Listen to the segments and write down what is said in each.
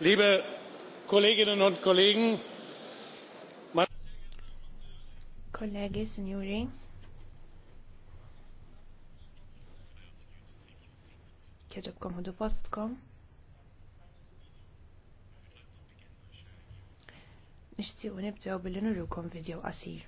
liebe kolleginnen und kollegen Kollege, signori kieġobkom ħudu postkom nixtiequ nibdew billi nurukom video qasir.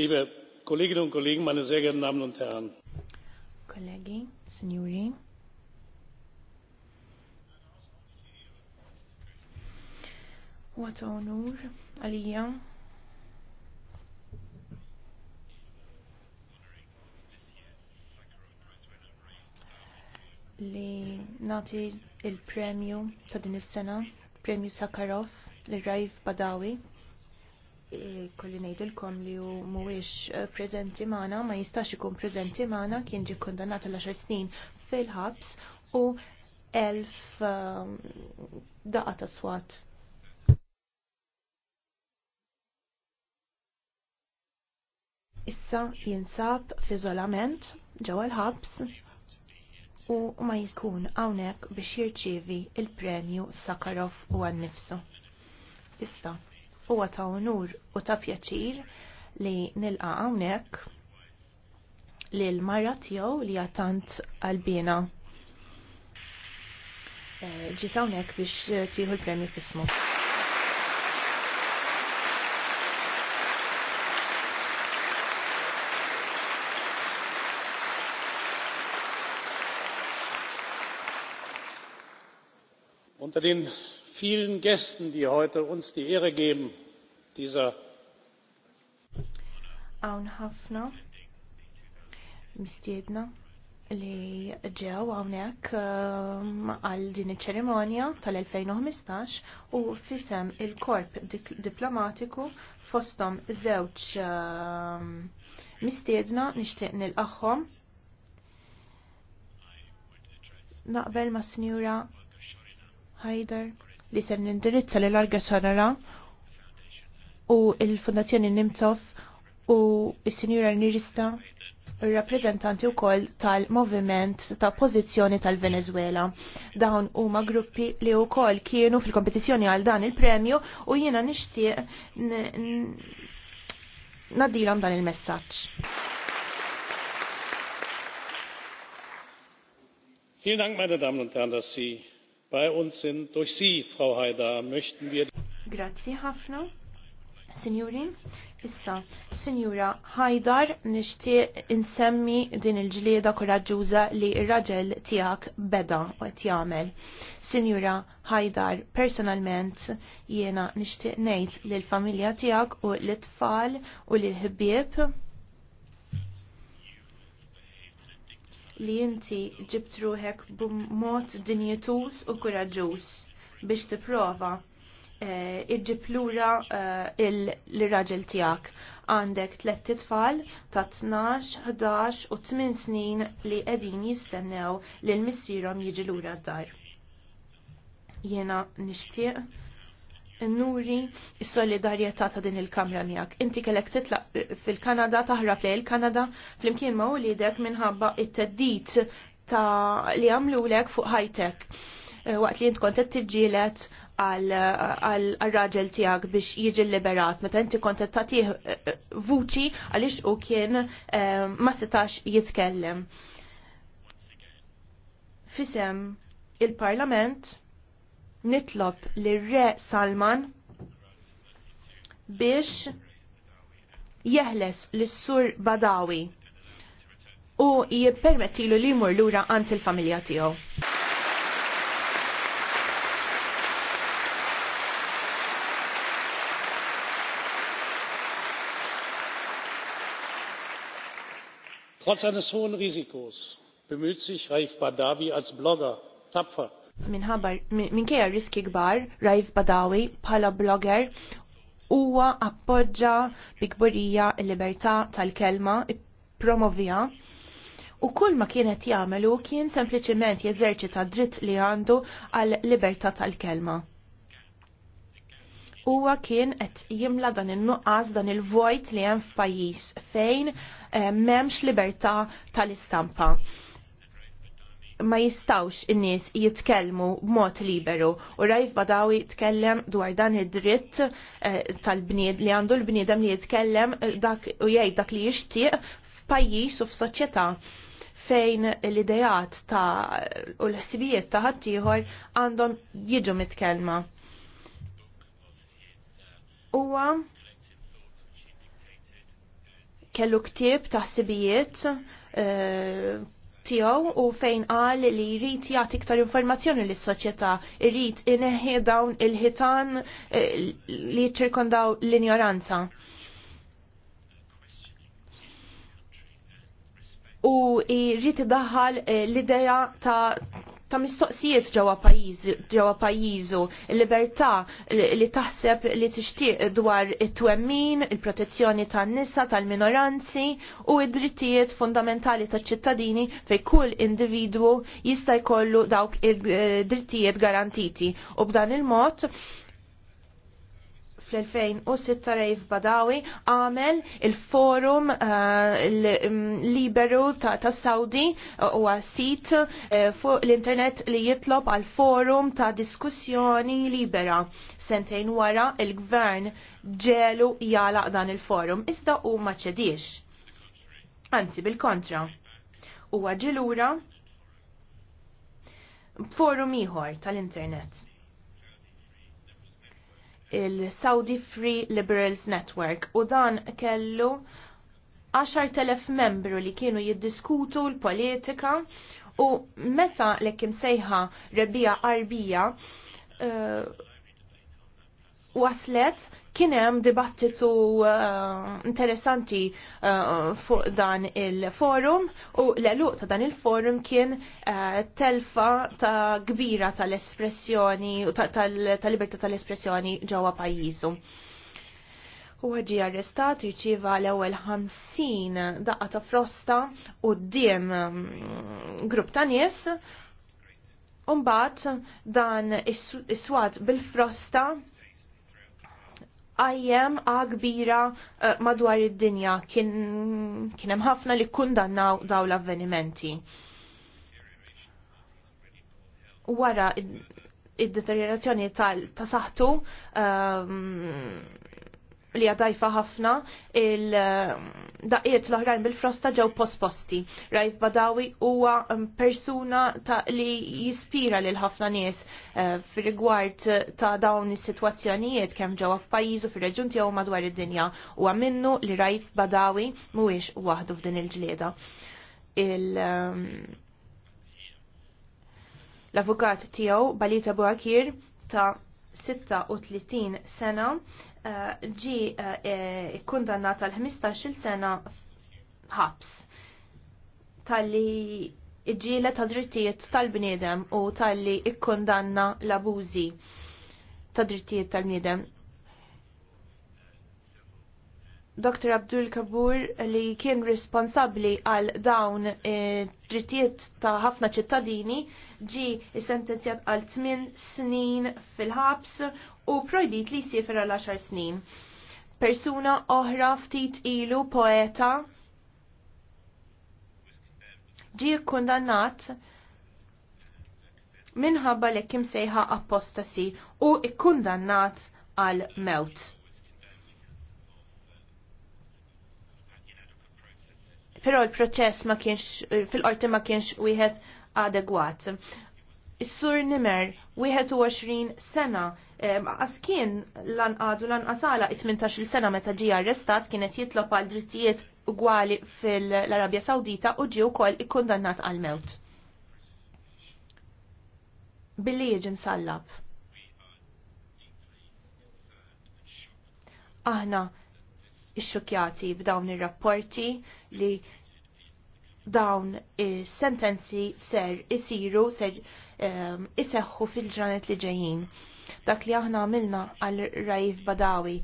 Liebe Kolleginnen und Kollegen, meine sehr geehrten Damen und Herren. Kollegi, signori. What onur, għalija. Li nati il-premju ta' din is-sena, premju Sakharov, li Raif Badawi kolli ngħidilkom li hu mhuwiex eh, prezenti maħna, ma jistax ikun preżenti maħna, kien ġie kondannat l 10 snin fil-ħabs u elf ehm, daqa ta' swat. Issa jinsab f'iżolament ġewwa l-ħabs u ma jiskun hawnhekk biex jirċievi il-premju Sakharov u għan-nifsu. Issa, huwa ta' onur u ta' pjaċir li nilqa' hawnhekk lil l-mara tiegħu li għatant għalbina. Eh, ġiet hawnhekk biex tieħu l-premju fismu. Montalin, vielen gästen die heute uns die ehre geben dieser hawn ħafna mistiedna li ġew hawnhekk um, għal din iċ-ċerimonja tal-2015 u fisem il-korp diplomatiku fosthom żewġ um, mistiedna nixtieq nilqagħhom naqbel ma' sinjura Haider li se nindirizza li larga xarara u il-Fondazzjoni Nimtov u il-Sinjura Nirista rappresentanti u koll tal-moviment ta' pozizjoni tal-Venezuela. Dawn huma gruppi li u koll kienu fil-kompetizjoni għal dan il-premju u jiena nishtiq nadilam dan il messagġ Vielen Dank, meine Damen und Herren, dass Sie bei uns sind. Durch Sie, Frau Haider, möchten wir. Grazie, Hafna. Signori, issa, Signora Haidar, nishti insemmi din il-ġlieda koraġġuża li il raġel tiegħek beda u qed jagħmel. Signora Haidar, personalment jiena nixtieq ngħid lill-familja tiegħek u l-tfal u l-ħbieb li inti ġibt ruħek b'mod dinjetuż u kuraġus biex tipprova eh, iġġib lura eh, l-raġel tiegħek. Għandek tlet titfal ta' 12, 11 u 8 snin li qegħdin jistennew li l-missierhom jiġi lura d-dar. Jiena nixtieq nuri s-solidarjetà ta' din il-kamra miegħek. Inti kellek titlaq fil-Kanada taħrab lejn il-Kanada flimkien ma' wliedek minħabba it-teddit ta' li għamlulek fuq high-tech. Eh, waqt li int kont qed tiġġielet għal-raġel tijak biex jiġi liberat, meta inti kontet tiħ eh, eh, vuċi għalix u kien ma setax jitkellem. Fisem il-parlament nitlob li re Salman biex jeħles l-sur Badawi u jippermettilu li jmur lura għant il-familja tiegħu. Trotz eines hohen Risikos bemüht sich Raif Badawi als Blogger tapfer minħabba minkejja riski kbar, Raif Badawi bħala blogger huwa appoġġa bikburija l-libertà tal-kelma, promovija u kull ma kienet jagħmlu kien sempliċement jeżerċita dritt li għandu għal libertà tal-kelma. Huwa kien qed jimla dan in-nuqqas dan il-vojt li hemm f'pajjiż fejn eh, m'hemmx libertà tal-istampa ma jistawx in-nies jitkellmu b'mod liberu u Rajf Badawi tkellem dwar dan id-dritt eh, tal-bnied li għandu l-bniedem li jitkellem eh, dak u jgħid dak li jixtieq f'pajjiż u f'soċjetà fejn l-idejat ta' u l-ħsibijiet ta' ħaddieħor għandhom jiġu mitkellma. Huwa kellu ktieb ta' ħsibijiet eh, tiegħu u fejn qal li jrid jagħti iktar informazzjoni lis soċjetà jrid ineħħi dawn il-ħitan eh, li jiċċirkondaw l-injoranza. U jrid idaħħal eh, l-idea ta' ta' mistoqsijiet ġewwa ġewwa pajjiżu, il-libertà li taħseb li tixtieq dwar it-twemmin, il-protezzjoni tan-nisa tal-minoranzi u id-drittijiet fundamentali taċ-ċittadini fejn kull individwu jista' jkollu dawk id-drittijiet eh, garantiti. U b'dan il-mod fl-2006 Raif Badawi għamel il-forum eh, liberu ta', Saudi eh, u sit eh, fuq l-internet li jitlob għal forum ta' diskussjoni libera. Sentejn wara il-gvern ġelu jala dan il-forum, iżda u maċedix. Anzi, bil-kontra. U għagġilura forum iħor tal-internet il-Saudi Free Liberals Network u dan kellu 10.000 membru li kienu jiddiskutu l-politika u meta l-ekim sejħa rebija arbija uh, waslet kien hemm dibattitu uh, interessanti uh, fuq dan il-forum u l-eluq ta' dan il-forum kien uh, telfa ta' kbira tal-espressjoni u tal-libertà tal-espressjoni ġewwa pajjiżu. U ġi arrestat irċiva l-ewwel 50 daqqa ta' frosta u d-diem mm, grupp ta' nies. Umbat dan is-swat bil-frosta għajjem għa kbira eh, madwar id-dinja kien hemm ħafna li kundannaw daw l-avvenimenti. Wara id deterjerazzjoni tal-tasaħtu um, ehm, li għadajfa ħafna il-daqiet eh, l-oħrajn bil-frosta ġew posposti. Rajf Badawi huwa mm, persuna ta' li jispira lil ħafna nies eh, fir rigward ta' dawn is-sitwazzjonijiet kemm ġewwa f'pajjiżu fir-reġjun tiegħu madwar id-dinja huwa minnu li Rajf Badawi mhuwiex waħdu f'din il-ġlieda. Il ehm, l-avukat tiegħu Balita Buakir ta' 36 sena eh, ġi eh, eh, kundannat l 15 sena ħabs tal-li iġġiela ta' drittijiet tal-bniedem u tal-li ikkondanna l-abużi ta' drittijiet tal-bniedem. Dr. Abdul Kabur li kien responsabli għal dawn eh, drittijiet ta' ħafna ċittadini ġi sentenzjat għal 8 snin fil-ħabs u projbit li jisifra għal 10 snin. Persuna oħra ftit ilu poeta ġi kundannat minħabba li kim sejħa apostasi u ikkundannat għal mewt. Però l-proċess ma kienx, fil-qorti ma kienx wieħed adegwat. Is-sur Nimer, 21 sena, għas eh, kien lan għasala 18 sena meta ġie arrestat kienet jitlob għal drittijiet ugwali fil-Arabja Sawdita u ġie wkoll ikkundannat għal mewt. Billi jiġi msallab. Aħna xxokjati b'dawn ir-rapporti li dawn is-sentenzi ser isiru ser um, iseħħu fil-ġranet li ġejjin. Dak li aħna għamilna għal Raif Badawi,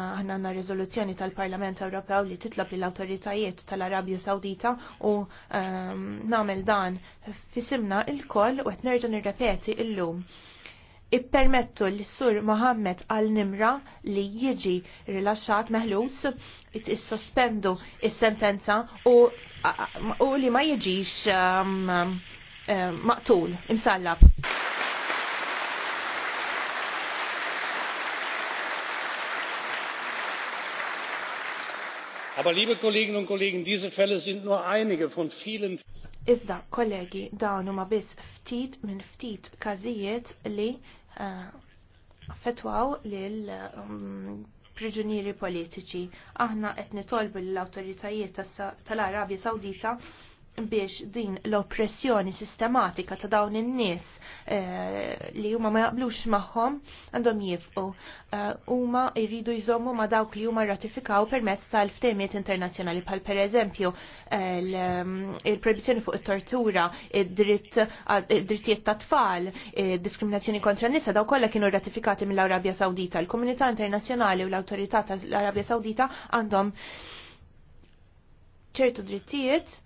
aħna għanna rezoluzzjoni tal-Parlament Ewropew li titlob li l-autoritajiet tal-Arabja Sawdita u um, ehm, namel dan fisimna il-koll u għetnerġan nerġan nirrepeti il-lum. il lum ippermettu l sur Mohammed al-Nimra li jiġi rilasċat meħlus is-sospendu is-sentenza u, u li ma jiġix um, um, um, maqtul imsallab. Aber liebe Kolleginnen und Kollegen, diese Fälle sind nur einige von vielen. Iżda, kollegi, dawn huma biss ftit minn ftit kazijiet li Eh, fetwaw lil mm, priġunieri politiċi. Aħna qed tolbu lill awtoritajiet tal-Arabja Sawdita biex din l-oppressjoni sistematika ta' dawn in-nies eh, li huma ma jaqblux magħhom għandhom jifqu. Eh, huma jridu jżommu ma' dawk li huma rratifikaw permezz tal-ftehmiet internazzjonali bħal pereżempju eh, il-proibizzjoni fuq it-tortura, id-drittijiet ta' tfal, diskriminazzjoni kontra n-nisa daw kollha kienu rratifikati mill-Arabja Sawdita. L-komunità internazzjonali u l-awtorità tal-Arabja Sawdita għandhom ċertu drittijiet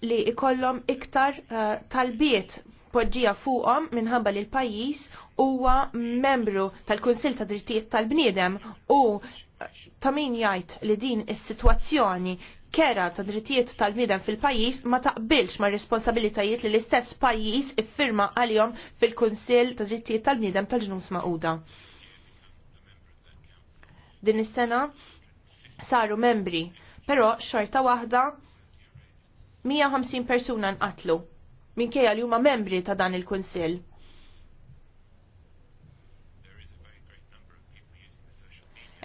li ikollhom iktar uh, talbiet poġġija fuqhom minħabba li l-pajjiż huwa membru tal-Kunsill ta' Drittijiet tal-Bniedem u eh, ta' min jgħid li din is-sitwazzjoni kera ta' drittijiet tal-bniedem fil-pajjiż ma taqbilx ma' responsabilitajiet li l-istess pajjiż iffirma għalihom fil-Kunsill ta' drittijiet tal-bniedem tal-ġnus Maquda. Din is-sena saru membri, però xorta waħda 150 persuna nqatlu minkejja li huma membri ta' dan il-Kunsill.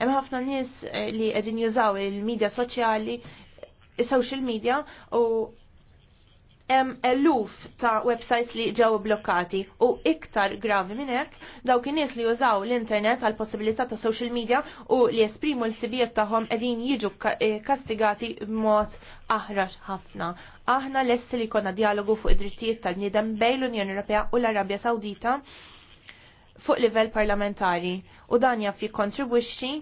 Hemm ħafna nies eh, li qegħdin jużaw il-medja soċjali, is-social media u hemm eluf ta' websites li ġew blokkati u iktar gravi minn hekk dawk in-nies li jużaw l-internet għal possibilità ta' social media u li esprimu l-sibijiet tagħhom qegħdin jiġu eh, kastigati b'mod aħrax ħafna. Aħna lest li konna dialogu fuq id-drittijiet tal-niedem bejn l-Unjoni Ewropea u l-Arabja Sawdita fuq livell parlamentari u dan jaf jikkontribwixxi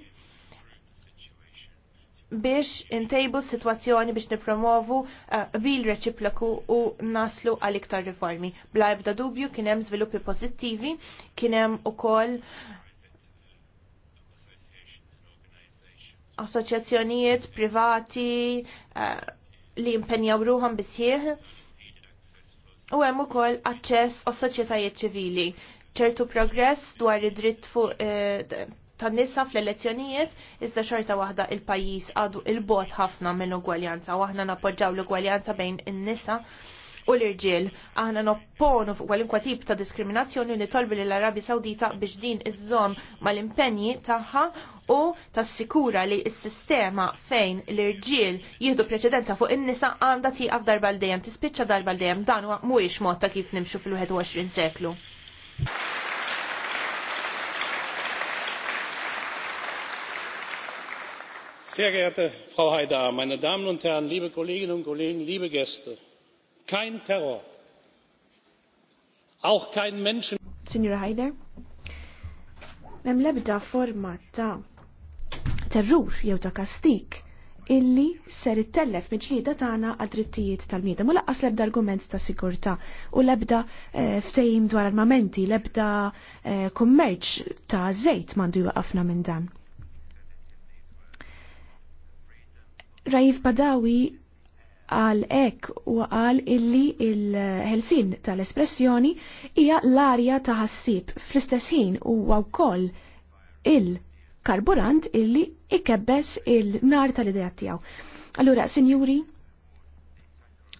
biex intejbu situazzjoni biex nipromovu eh, bil reċiplaku u naslu għal iktar riformi. Bla ebda dubju kien hemm żviluppi pożittivi, kien hemm ukoll assoċjazzjonijiet privati eh, li impenjaw ruħom bisjieħ u hemm ukoll aċċess għas soċjetajiet ċivili ċertu progress dwar id-dritt fuq eh, tan-nisa fl-elezzjonijiet, iżda xorta waħda il-pajjiż għadu il-bot ħafna minn ugwaljanza u aħna nappoġġaw l-ugwaljanza bejn in-nisa u l-irġiel. Aħna nopponu fuq tip ta' diskriminazzjoni li tolbi l arabi Sawdita biex din iż-żomm mal-impenji tagħha u sikura li s-sistema fejn l-irġiel jieħdu preċedenza fuq in-nisa għandha tieqaf darba l-dejjem, tispiċċa darba l-dejjem dan mhuwiex mod ta' kif nimxu fil-21 seklu. sehr geehrte frau haidar meine damen und herren liebe kolleginnen und kollegen liebe gäste! kein terror auch kein menschen Signora Haider, l-ebda forma ta' terrur jew ta' kastik illi ser ittellef miġlieda tagħna għad-drittijiet tal-miedem u laqqas lebda argument ta' sigurtà u lebda ebda eh, ftejim dwar armamenti, lebda ebda eh, kummerċ ta' żejt m'għandu jwaqafna minn dan. Raif Badawi għal ek u għal illi il-ħelsin tal-espressjoni hija l-arja ta' ħassib fl-istess ħin huwa wkoll il-karburant illi ikebbes il-nar tal-idea tiegħu. Allura, sinjuri,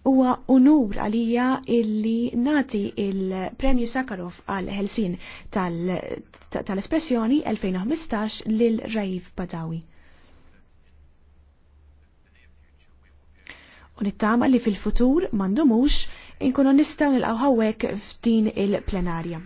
huwa unur għalija illi nati il-Premju Sakharov għal Helsin tal-espressjoni 2015 lil Raif Badawi. U nittama li fil-futur mandumux inkunu nistaw nilqaw hawnhekk f'din il-plenarja.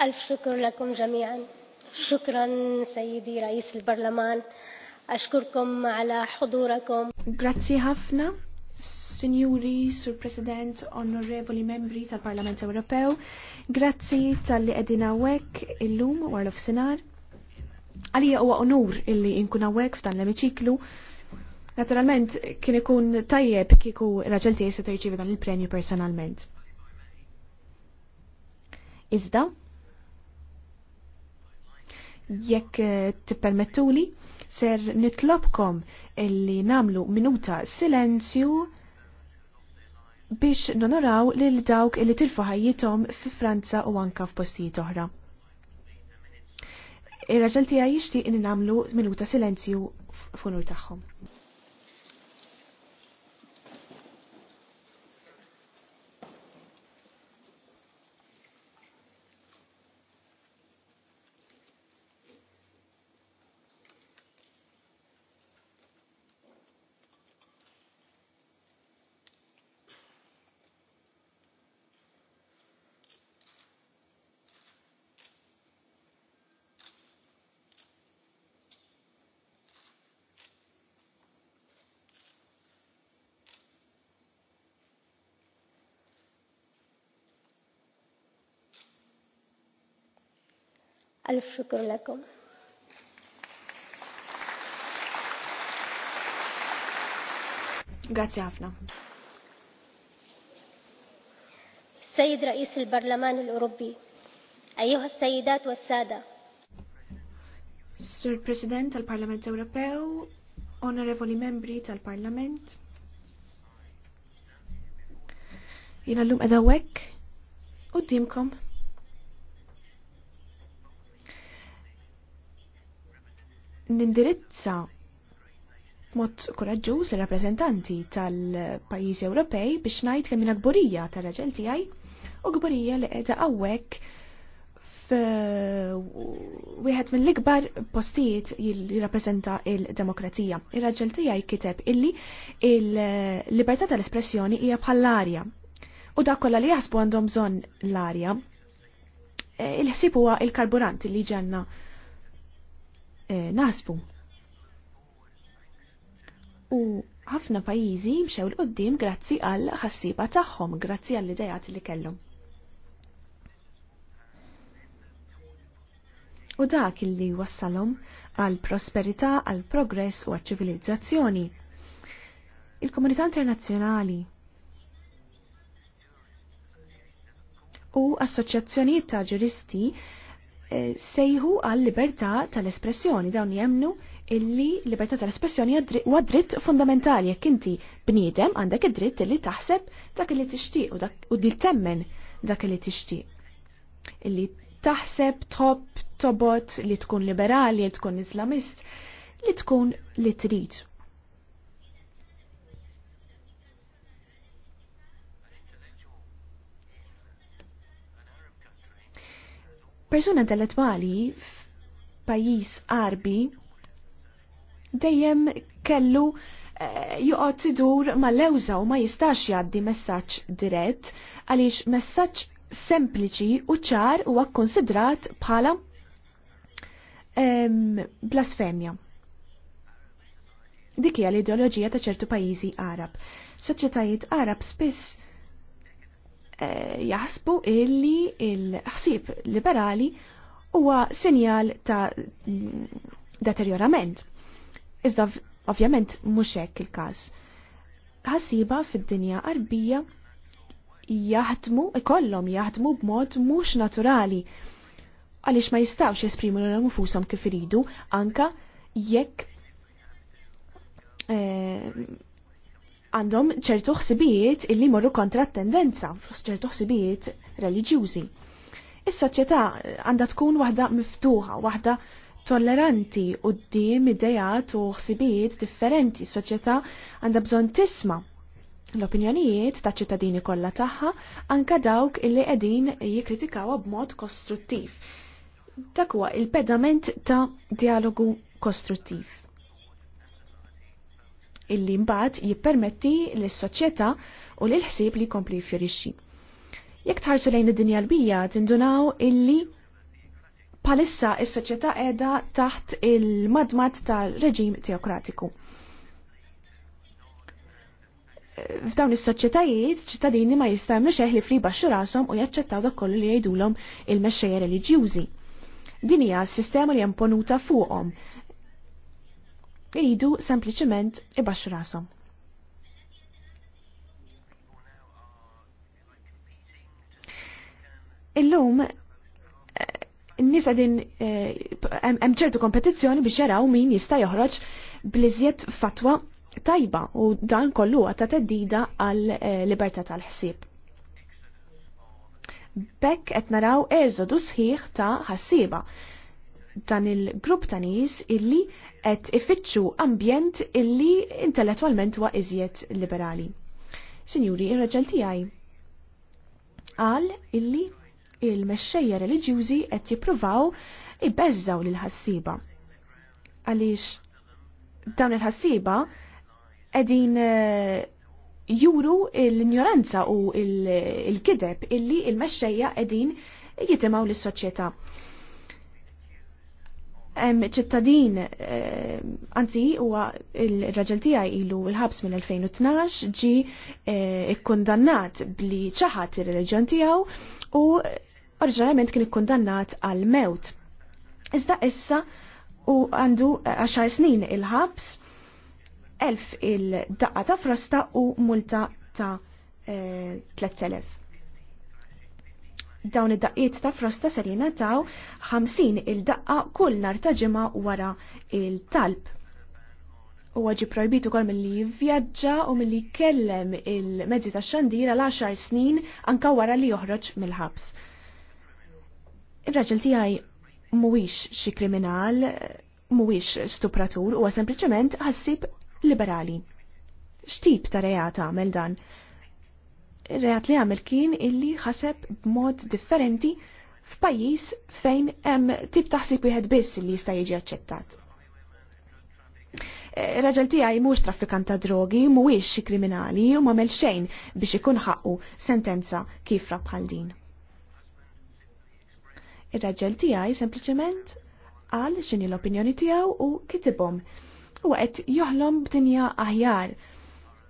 ألف شكر لكم جميعا شكرا سيدي رئيس البرلمان أشكركم على حضوركم Grazie ħafna, Signori, Sur President, Onorevoli Membri tal-Parlament Ewropew, grazzi tal-li edina għek il-lum u għal senar Għalija huwa onur illi inkun għek f'dan l-emiċiklu. Naturalment, kien ikun tajjeb kiku raġelti jessa tajċivi dan il-premju personalment. Iżda, jekk eh, tippermettuli ser nitlobkom illi namlu minuta silenzju biex nonoraw lil dawk illi tilfu ħajjithom fi Franza u anka f'postijiet oħra. Ir-raġel tiegħi jixtieq inni namlu minuta silenzju f'unur tagħhom. ألف شكر لكم Grazie ħafna. السيد رئيس البرلمان الأوروبي أيها السيدات والسادة Sir President tal-Parlament Ewropew, onorevoli membri tal-Parlament, jina l-lum edawek u dimkom nindirizza mod koraġġuż ir-rappreżentanti tal-pajjiżi Ewropej biex ngħid kemm gburija tar raġel tiegħi u gburija li qiegħda hawnhekk wieħed mill-ikbar postijiet li jirrappreżenta il-demokrazija. Ir-raġel tiegħi kiteb illi il-libertà tal-espressjoni hija bħall-arja. U dak kollha li jaħsbu għandhom bżonn l-arja, eh, il-ħsieb huwa il-karburant li ġenna Eh, naħsbu. U ħafna pajjiżi mxew l-qoddim grazzi għal ħassiba tagħhom, grazzi għall idejat li kellhom. U dak illi wassalhom għal prosperità, għal progress u għal ċivilizzazzjoni. Il-komunità internazzjonali u assoċjazzjonijiet ta' ġuristi Eh, sejħu għal libertà tal-espressjoni dawn jemnu illi libertà tal-espressjoni huwa dritt fundamentali jekk inti bniedem għandek id-dritt illi taħseb dak li tixtieq u li temmen dak li tixtieq. Illi taħseb, top, tobot, li tkun liberali, li tkun islamist, li tkun li trid. persuna intellettuali f'pajjiż qarbi dejjem kellu eh, joqgħod idur mal lewża u ma jistax jgħaddi messaġġ dirett għaliex messaġġ sempliċi u ċar huwa konsidrat bħala ehm, blasfemja. Dik hija l-ideoloġija ta' ċertu pajjiżi Arab. Soċjetajiet Arab spiss Eh, jaħsbu illi il-ħsib liberali huwa sinjal ta' deterjorament. Iżda ovvjament mhux hekk il-każ. Ħassiba fid-dinja qarbija jaħdmu, ikollhom jaħdmu b'mod mhux naturali għaliex ma jistawx jesprimu l nfushom kif iridu anka jekk eh, għandhom ċertu ħsibijiet illi morru kontra t-tendenza, ċertu ħsibijiet reliġjużi. Is-soċjetà għandha tkun waħda miftuħa, waħda tolleranti u d-dim idejat u ħsibijiet differenti. Soċjetà għandha bżonn tisma' l-opinjonijiet ta' ċittadini kollha tagħha anka dawk illi qegħdin jikkritikawha b'mod kostruttiv. Dak huwa il-pedament ta' dialogu kostruttiv illi mbagħad jippermetti lis-soċjetà u lill ħsieb li jkompli jfjorixxi. Jekk tħarsu lejn id-dinja l-bija tindunaw illi palissa is-soċjetà qiegħda taħt il-madmat tal-reġim teokratiku. F'dawn is-soċjetajiet, ċittadini ma li eħli friba rashom u jaċċettaw dak kollu li jgħidulhom il-mexxejja reliġjużi. Din hija s-sistema li jamponuta fuqhom iridu sempliċiment ibaxxu rashom. Illum eh, n-nis għadin eh, hemm ċertu kompetizzjoni biex jaraw min jista' joħroġ bliżjed fatwa tajba u dan kollu ta' teddida għal eh, libertà tal-ħsieb. Bekk qed naraw eżodu sħiħ ta' ħassiba dan il-grupp ta' nies illi qed ifittxu ambjent illi intellettwalment huwa iżjed liberali. Sinjuri, ir-raġel tiegħi qal illi il-mexxejja reliġjużi qed jippruvaw ibbeżżaw lil ħassiba. Għaliex dawn il-ħassiba qegħdin eh, juru l-ignoranza u l-kideb illi il-mexxejja qegħdin jitimgħu lis-soċjetà ċittadin eh, anzi huwa il-raġel tiegħi ilu l-ħabs mill-2012 ġi eh, ikkundannat bli ċaħat ir reġjon tiegħu u oriġinarjament kien ikkundannat għal mewt. Iżda issa u għandu 10 snin il-ħabs, elf il-daqqa ta' frosta u multa ta' 3000. Eh, dawn id-daqqiet ta' frosta ser jingħataw 50 il-daqqa kull nar ta' ġimgħa wara il-talb. Huwa ġi kol ukoll milli jivvjaġġa u milli jkellem il-mezzi tax xandira l-10 snin anka wara li joħroġ mill-ħabs. Ir-raġel tiegħi mhuwiex xi kriminal, mhuwiex stupratur, huwa sempliċement ħassib liberali. X'tip ta' reat għamel dan? reat li għamil kien illi ħaseb b'mod differenti f'pajjiż fejn hemm tip taħsib wieħed biss li jista' jiġi aċċettat. Eh, raġel tiegħi mhux traffikant ta' drogi, mhuwiex xi kriminali u m'għamel xejn biex ikun ħaqqu sentenza kifra bħal din. Ir-raġel tiegħi sempliċement qal x'inhi l-opinjoni tiegħu u kitibhom u qed joħlom b'dinja aħjar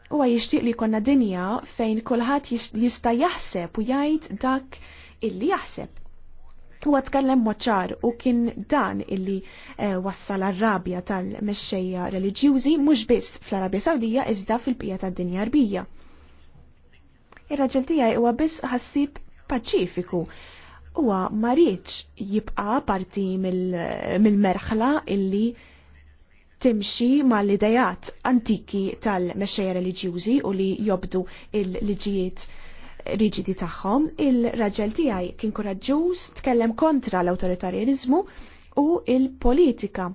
huwa jixtieq li konna dinja fejn kulħadd jista' jaħseb u jgħid dak illi jaħseb. Huwa tkellem moċar u kien dan illi eh, wassal ar-rabja tal-mexxejja reliġjużi mhux biss fl-Arabja Sawdija iżda fil-bqija tad-dinja arbija. Ir-raġel tiegħi huwa biss ħassib paċifiku huwa ma rridx jibqa' parti mill-merħla illi timxi mal-idejat antiki tal-mexxejja reliġjużi u li jobdu il-liġijiet riġidi tagħhom, il-raġel tiegħi kien koraġġuż tkellem kontra l-awtoritarjanizmu u il-politika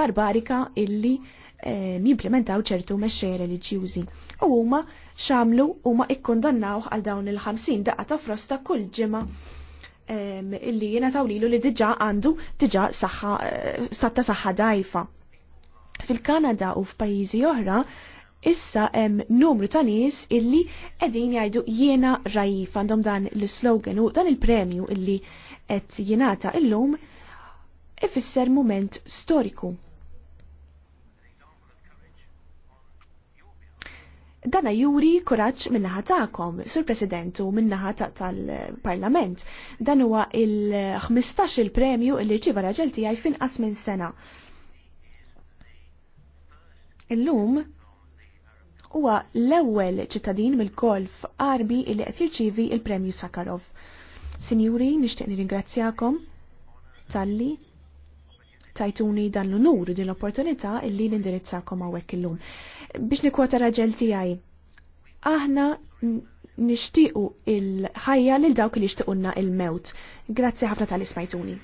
barbarika illi eh, jimplementaw ċertu mexxejja reliġjużi. U huma xamlu huma ikkondannawh għal dawn il ħamsin daqqa ta' frosta kull ġimgħa illi jena tawlilu li diġa għandu diġa saħħa eh, statta saħħa dajfa. Fil-Kanada u f'pajjiżi oħra, issa hemm numru ta' nies illi qegħdin jgħidu jiena rajif għandhom dan l-slogan u dan il-premju illi qed jingħata illum ifisser moment storiku. Dana juri kuraċ minnaħa ta'kom, sur President u ta' tal-Parlament. Dan huwa il-15 il-premju il ċiva raġel tiegħi finqas minn sena. Illum huwa l-ewwel ċittadin mill-golf qarbi li qed jirċievi il-Premju Sakharov. Sinjuri, nixtieq nirringrazzjakom talli tajtuni dan l-unur din l-opportunità illi nindirizzakom għawek illum. Biex nikwota raġel tijaj, aħna nishtiqu il-ħajja lil dawk li jishtiqunna il-mewt. Grazzi ħafna tal-ismajtuni.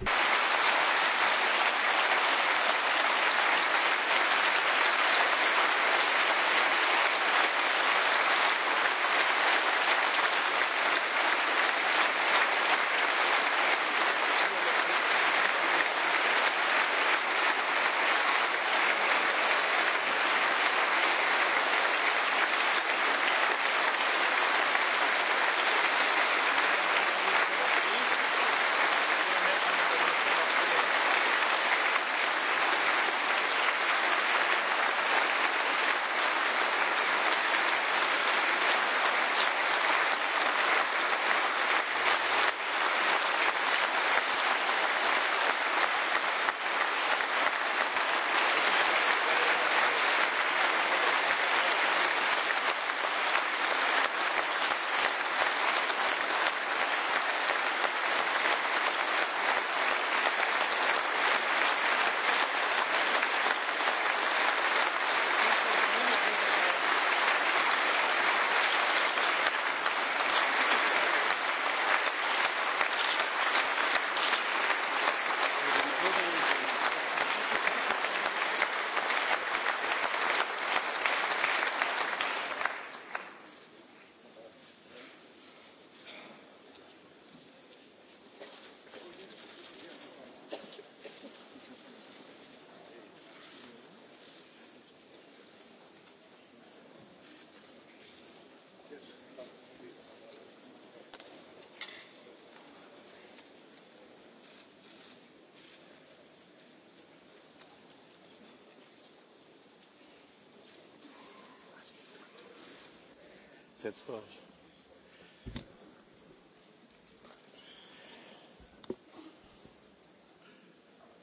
setzt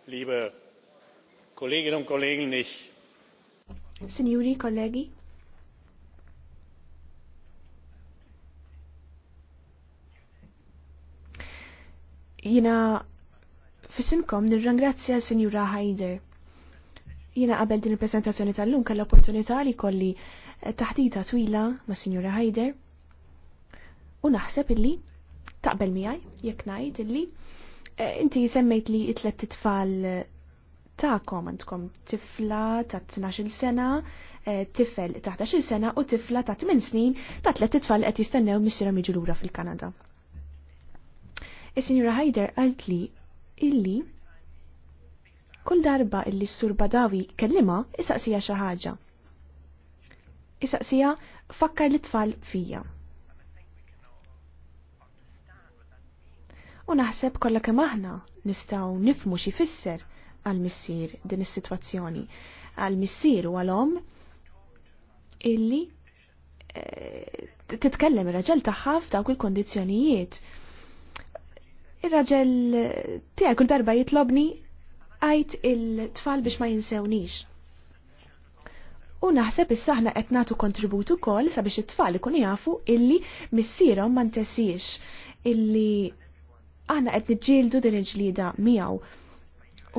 Liebe Kolleginnen und Kollegen, ich. Signori, colleghi. Jina fissimkom nirrangrazzja l-Sinjura Haider. Jina qabel din il presentazzjoni tal-lum kell-opportunità li kolli taħdita twila ma' Sinjura Haider u naħseb illi taqbel miegħi jekk ngħid illi eh, inti semmejt li itlet tlet titfal eh, ta'kom għandkom tifla ta' 12 sena, eh, tifel ta' 11 sena u tifla ta' 8 snin ta' tlet titfal qed jistennew missierhom jiġu lura fil-Kanada. Is-Sinjura Haider qalt li illi kull darba illi s-sur Badawi kellima isaqsija xi ħaġa. Isaqsija fakkar li tfal fija. U naħseb kollha kemm aħna nistgħu nifmu xi fisser għal missier din is-sitwazzjoni. Għal missier u għalhom illi eh, titkellem ir-raġel tagħha f'dawk il-kondizzjonijiet. Ir-raġel tiegħek kull darba jitlobni għajt il-tfal biex ma jinsewnix. U naħseb issa saħna qed nagħtu kontributu ukoll sabiex it-tfal ikun jafu illi missierhom ma ntesix illi aħna qed niġġieldu din il-ġlieda miegħu.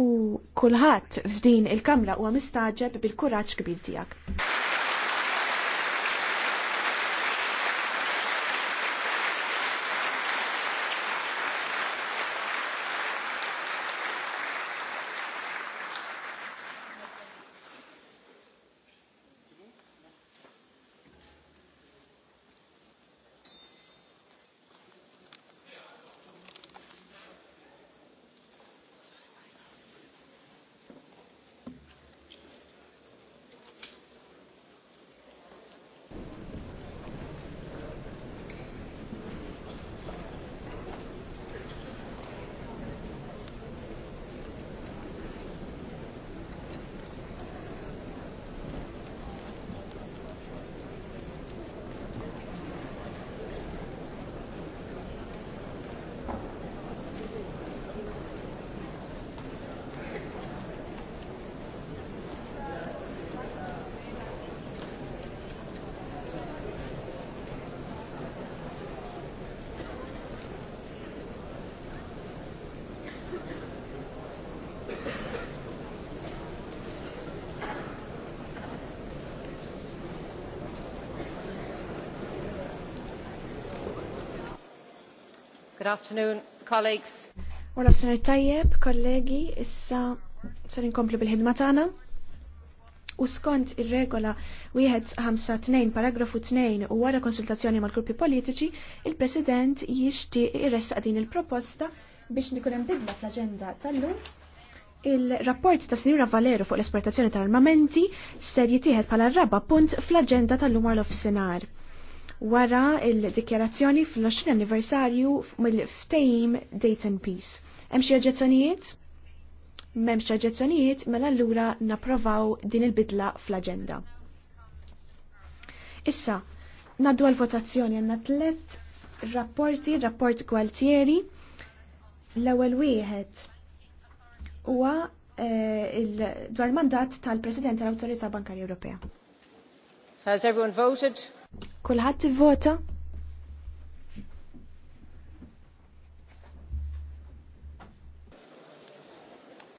U kulħadd f'din il-kamra huwa mistaġeb bil-kuraġġ kbir tiegħek. Good afternoon, colleagues. U l-afsunar tajjeb, kollegi, issa sar inkompli bil-ħidma tagħna. U skont ir-regola wieħed ħamsa tnejn paragrafu tnejn u wara konsultazzjoni mal-gruppi politiċi, il-President jixtieq irressaq din il-proposta biex nikun hemm bidla fl-aġenda tal-lum Il-rapport ta' Sinjura Valero fuq l-esportazzjoni tal-armamenti ser jitieħed bħala raba punt fl-aġenda tal-lum għal-offsinar wara il-dikjarazzjoni fl-20 anniversarju mill-ftejim and Peace. Hemm xi oġġezzjonijiet? M'hemmx oġġezzjonijiet mela allura napprovaw din il-bidla fl-aġenda. Issa, naddu għal-votazzjoni għandna tliet rapporti, rapport Gualtieri, l-ewwel wieħed huwa eh, dwar mandat tal-President tal-Awtorità Bankarja Ewropea. Has everyone voted? Kulħadd ivvota?